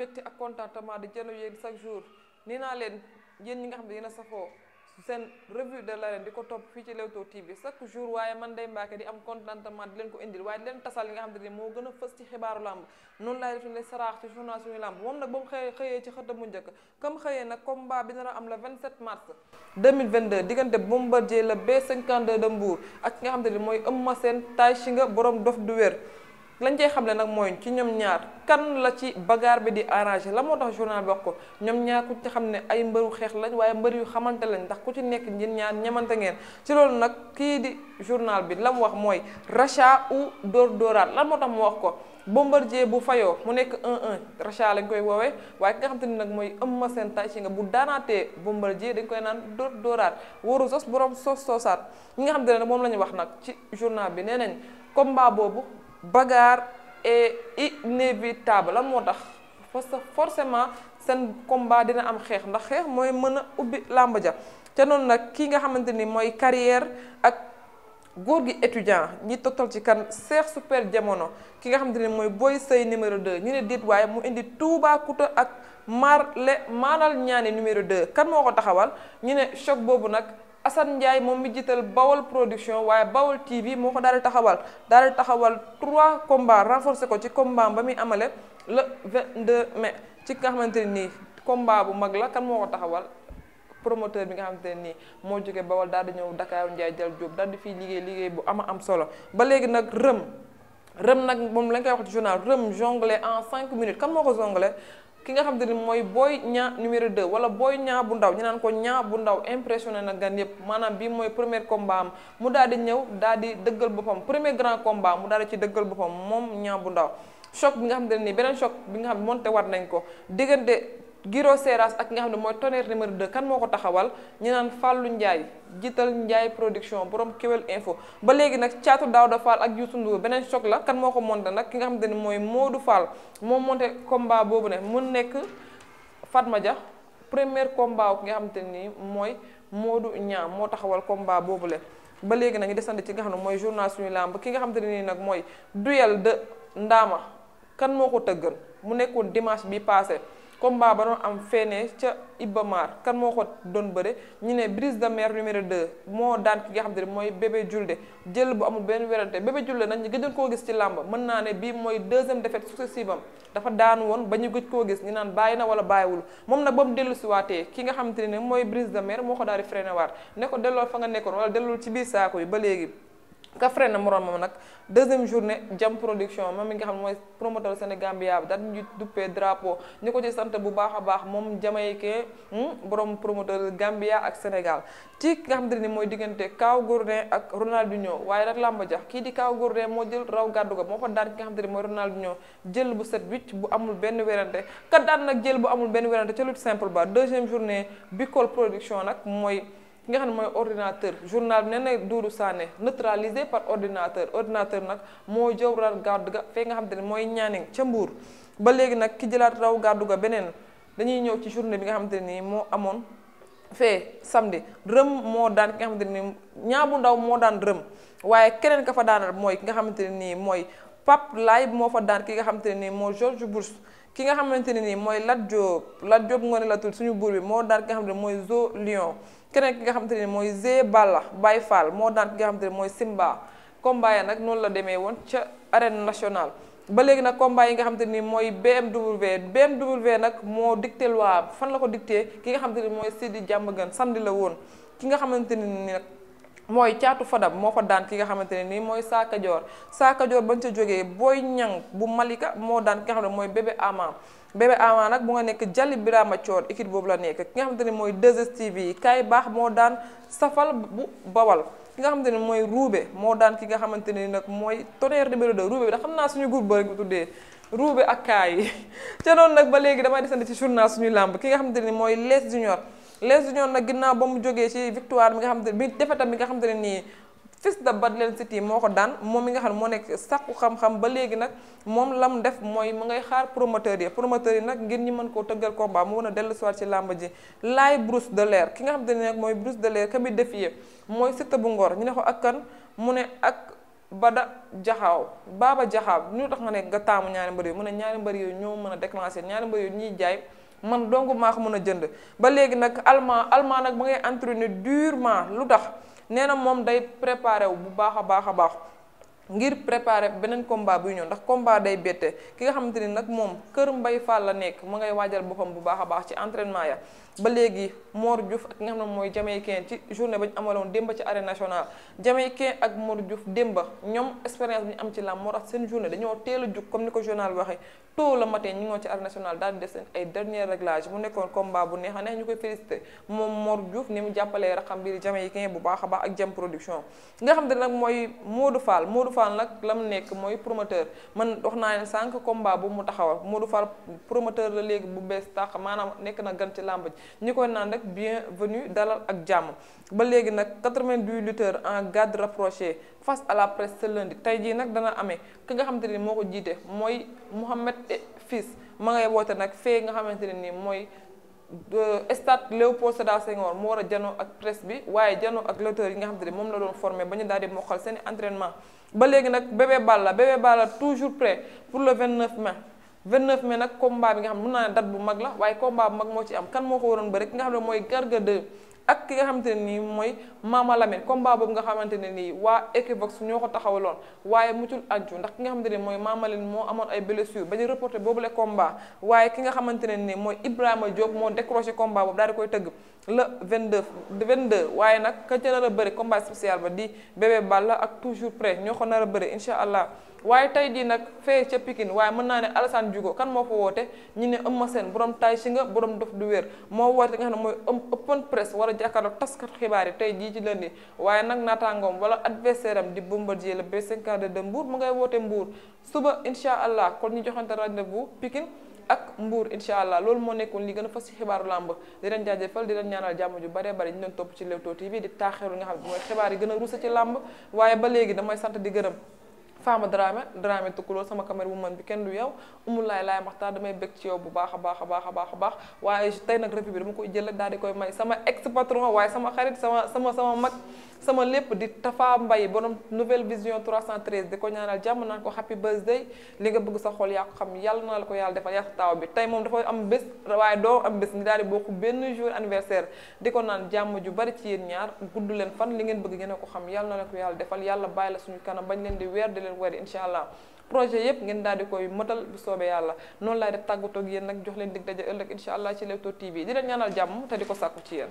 mbégte ak contentement di jëno yéen chaque jour nii naa leen yéen ñi nga xam ne yéen a safoo seen revue de l'arène di ko topp fii ci Leewtoo TV chaque jour waaye man day mbaake di am contentement di leen ko indil waaye leen tasal li nga xam ne ni moo gën a fës ci xibaaru làmb noonu laay def ne saraax ci journal suñu làmb moom nag ba mu xëyee xëyee ci xëta mu njëkk comme xëyee nag combat bi dina am le 27 mars 2022 diggante B52 de Mbour ak nga xam ne ni mooy Eumeu Sène Tay Shinga borom dof du wér lañ xam ne nag mooy ci ñoom ñaar kan la ci bagaar bi di arrangé la moo tax journal bi wax ko ñoom ñaar ku ci xam ne ay mbëru xeex lañ waaye mbër yu xamante lañ ndax ku ci nekk ñin ñaar ñamante ngeen ci loolu nag kii di journal bi la mu wax mooy rachat ou dóor lan moo mu wax ko Bombardier bu fayoo mu nekk 1-1 rachat lañ koy woowee waaye ki nga xam te ne nag mooy Eumeu Sène tay ci nga bu daanaatee Bombardier dañ koy naan dóor dóoraat wóoru sos borom sos soosaat ñi nga xam te ne nag moom la ñu wax nag ci journal bi nee nañ mbaa boobu bagarre est inévitable lan moo tax parce que forcément seen combat dina am xeex ndax xeex mooy mën a ubbi làmb ja te noonu nag kii nga xamante ni mooy carrière ak góor gi étudiant ñi total ci kan Cheikh Super Jamono ki nga xamante ni mooy Boy Sey numéro 2 ñu ne diit waaye mu indi Toubacouta ak Marle Manal ñaani numéro 2 kan moo ko taxawal ñu ne choc boobu nag Assane Ndiaye moom mi jiital Bawol production waaye Bawol TV moo ko daal di taxawal daal di taxawal trois combats renforcé ko ci combat ba muy amale le 22 mai ci nga xamante nii combat bu mag la kan moo ko taxawal promoteur bi nga xamante ne nii moo jóge Bawol daal ñëw dakaaru Ndiaye Jal Diop daal di fii liggéey liggéey bu ama am solo ba léegi nag rëm rëm nag moom lañ koy wax ci journal rëm jonglé en cinq minutes kan moo ko jonglé ki nga xam te ni mooy booy Niang numéro 2 wala Boy Niang bu ndaw ñu naan ko Niang bu ndaw impressionné na gan yëpp maanaam bii mooy premier combat am mu daal di ñëw daal di dëggal boppam premier grand combat mu daal di ci dëggal boppam moom Niang bu ndaw choc bi nga xam te ni beneen choc bi nga xam monté war nañ ko diggante. giro Seras ak nga xam ne mooy tonnerre numéro 2 kan moo ko taxawal ñu naan Fallou Ndiaye jiital njaay production borom Kewel Info ba léegi nag caatu Daouda Fall ak Youssou Ndour beneen choc la kan moo ko monté nag ki nga xamante ne mooy Modou Fall moo monté combat boobu ne mu nekk Fatma Dia premier combat ki nga xamante ni mooy Modou Niang moo taxawal combat boobu le ba léegi nag ñu desandi ci nga xam ne mooy journal suñu làmb ki nga xamante ne nii nag mooy duel de Ndama kan moo ko tëggal mu nekkoon dimanche bi passé comme ba doon am fenee ca Ibamar kan moo ko doon bëre ñu ne brise de mer numéro 2 moo daan ki nga xam te ne mooy bébé julde jël bu amul benn werante bébé julde nag ñu gëjoon koo gis ci làmb mën naa ne bi mooy deuxième défaite successive am dafa daan woon ba ñu gëj koo gis ñu naan bàyyi na wala bàyyiwul moom nag ba mu dellu si waatee ki nga xam te ne mooy brise de mer moo ko daal di freiné ne ko delloo fa nga nekkoon wala delloo biir saako yi ba Kaffrine na moroom moom nag deuxième journée jam production moom mi nga xam ne mooy promoteur Sénégambia bi daal ñu duppee drapeau ko ci sant bu baax a baax moom jamaïcain hmm, borom promoteur Gambia ak Sénégal ci nga te ni mooy diggante Kaw Gourdin ak Ronaldinho waaye rek làmba jax kii di Kaw Gourdin moo jël raw gàddu ko moo ko daan ki nga xam te ni mooy Ronaldinho jël bu set wicc bu amul benn werante kat daan nag jël bu amul benn werante ca lutte simple ba deuxième journée Bicol production nag mooy ki nga xam ne mooy ordinateur journal bi nee na Doudou neutralisé par ordinateur ordinateur nag moo jëwral gàddu ga fee nga xam te ne mooy ñaaning ca Mbour ba léegi nag ki jëlaat raw gàddu ga beneen dañuy ñëw ci journée bi nga xam te nii moo amoon fee samdi rëm moo daan ki nga xamante ne nii ñaabu ndaw moo daan rëm waaye keneen ka fa daanal mooy ki nga xamante ne nii mooy papp Laye moo fa daan ki nga xamante ne nii moo George Bourse ki nga xamante ne nii mooy Lat Diop Lat Diop Ngoné Latyr suñu buur bi moo daan ki nga xamante ne mooy Zo Lion keneen ki nga xamante ne mooy Zé Balla bay Fall moo daan ki nga xamante ne mooy Simba combat nag noonu la demee woon ca arène nationale ba léegi nag combat yi nga xamante ni mooy BMW BMW nag moo dicté loi fan la ko dicté ki nga xamante ni mooy Sidi Diamaguène samedi la woon ki nga xamante ni nag mooy caatu fadab moo fa daan ki nga xamante ne nii mooy Saa Kajoor Saa Kajoor bañ ca jógee booy ñang bu Malika moo daan ki nga mooy bébé ama bébé ama nag bu nekk Jali Birama Coor équipe boobu la nekk ki nga xamante ne mooy 2STV yi kaay baax moo daan safal bu bawal ki nga xamante ne mooy ruube moo daan ki nga xamante ne nag mooy tonnerre numéro 2 ruube bi da xam naa suñu groupe ba ko tuddee ruube ak kaay yi ca noonu nag ba léegi damay desandi ci journal suñu làmb ki nga xamante ne mooy les junior les unions nag ginnaaw ba mu jógee ci victoire bi nga xam te bi defetam ne nii fils de Badlen City moo ko daan moom mi nga xam ne moo nekk sàkku xam-xam ba léegi nag moom lam def mooy mu ngay xaar promoteur yi promoteur yi nag ngir ñi mën koo tëggal combat mu mën a dellu siwaat ci làmb ji laay Bruce de l'air ki nga xam te ne nag mooy Bruce de l'air ka muy défier mooy Siteu bu Ngor ñu ne ko ak kan mu ne ak Bada Jaxaaw Baba Jaxaaw ñu tax nga nekk nga taamu ñaari mbër yooyu mu ne ñaari mbër yooyu ñoo mën a déclencher ñaari mbër yooyu ñuy jaay man donc maa ko a jënd ba léegi nag allemand allemand nag ba ngay entraîner durement lu tax nee na moom day préparé wu bu baax a baax a baax ngir préparer beneen combat buy ñëw ndax combat day bette ki nga xamante ni nag moom kër Mbay Fall la nekk mu ngay waajal boppam bu baax a baax ci entraînement ya ba léegi xam ne ba ñu amaloon démba ci am ci làmb moo tax seen journée dañoo teel a jug comme ni ko journal bi waxee tôt le matin ñu ngi woon ci arène nationale daal di def seen ay dernier réglage mu nekkoon combat bu neex a neex ñu koy félicité bu baax a baax ak jam nag mooy Modou Fall Modou Fall Fall nag la mu nekk mooy promoteur man wax naa leen sànq combat bu mu taxawal Modou Fall promoteur la léegi bu bees tax maanaam nekk na gan ci làmb ji ñi koy naan rek bienvenue dalal ak jàmm ba léegi nag 92 lutteurs en garde rapprochée face à la presse ce lundi tey jii nag dana amee ki nga xamante ni moo ko jiite mooy Mouhamed Fils ma ngay woote nag fee nga xamante ne nii mooy Euh, stade Léopold Sédar Senghor moo war a janoo ak presse bi waaye janoo ak lutteurs yi nga xam te ne moom la doon formé ba ñu daal di mokkal seen entraînement ba léegi nag bébé Balla bébé Balla toujours prêt pour le 29 mai 29 mai nag combat bi nga xam ne mën naa ne date bu mag la waaye combat bu mag moo ci am kan moo ko waroon ba rek ki nga xam ne mooy Garga 2 ak ki nga xamante ne nii mooy Mama Lamine boobu nga xamante ne nii waa Equivox ñoo ko taxawaloon waaye muccul aju ndax ki nga xamante ne mooy Mama Lamine moo amoon ay blessure ba ñu reporté boobu le komba waaye ki nga xamante ne nii mooy Ibrahima Diop moo décroché combat boobu daal di koy tëgg le 22 22 waaye nag ka ca nar a bëri combat spécial ba di bébé la ak toujours près ñoo ko nar a bëri incha allah waaye tey jii nag fee ca Pikine waaye mën naa ne Alassane Diogo kan moo fa woote ñu ne ma seen borom tay si nga borom dof du wér moo woote nga xam ne mooy open press war a jàkkaarloo taskat xibaar yi tey jii ci lundi waaye nag naataangoom wala adversaire am di Bombardier le B52 de mbuur mu ngay woote Mbour suba incha allah kon ñu joxante rendez-vous Pikine ak mbuur incha allah loolu moo nekkoon li gën a fas ci xibaaru làmb di leen jaajëfal di leen ñaanal jàmm ju bare bare ñu doon topp ci Leewtoo TV di taaxeeru nga xam mooy xibaar yi gën a ruusa ci làmb waaye ba léegi damay sant di gërëm Fama Dramé Dramé Tukulóor sama caméra bu man bi kenn du yow umul laay laay damay bëgg ci yow bu baax a baax a baax a baax a waaye tey nag revue bi dama koy jël di ko ñaanal jàmm la ko yàlla defal yaa ju bari ci yéen ñaar gudd leen fan li ngeen bëgg ngeen ko xam yàlla na la ko yàlla defal yàlla bàyyi la suñu kanam bañ leen di weer di leen leen weer incha allah projet yëpp ngeen daal di koy motal bu soobee yàlla noonu laay def tàggatoo ak nag jox leen dig daje ëllëg incha allah ci Leewtoo TV di leen ñaanal jàmm te di ko sàkku ci yéen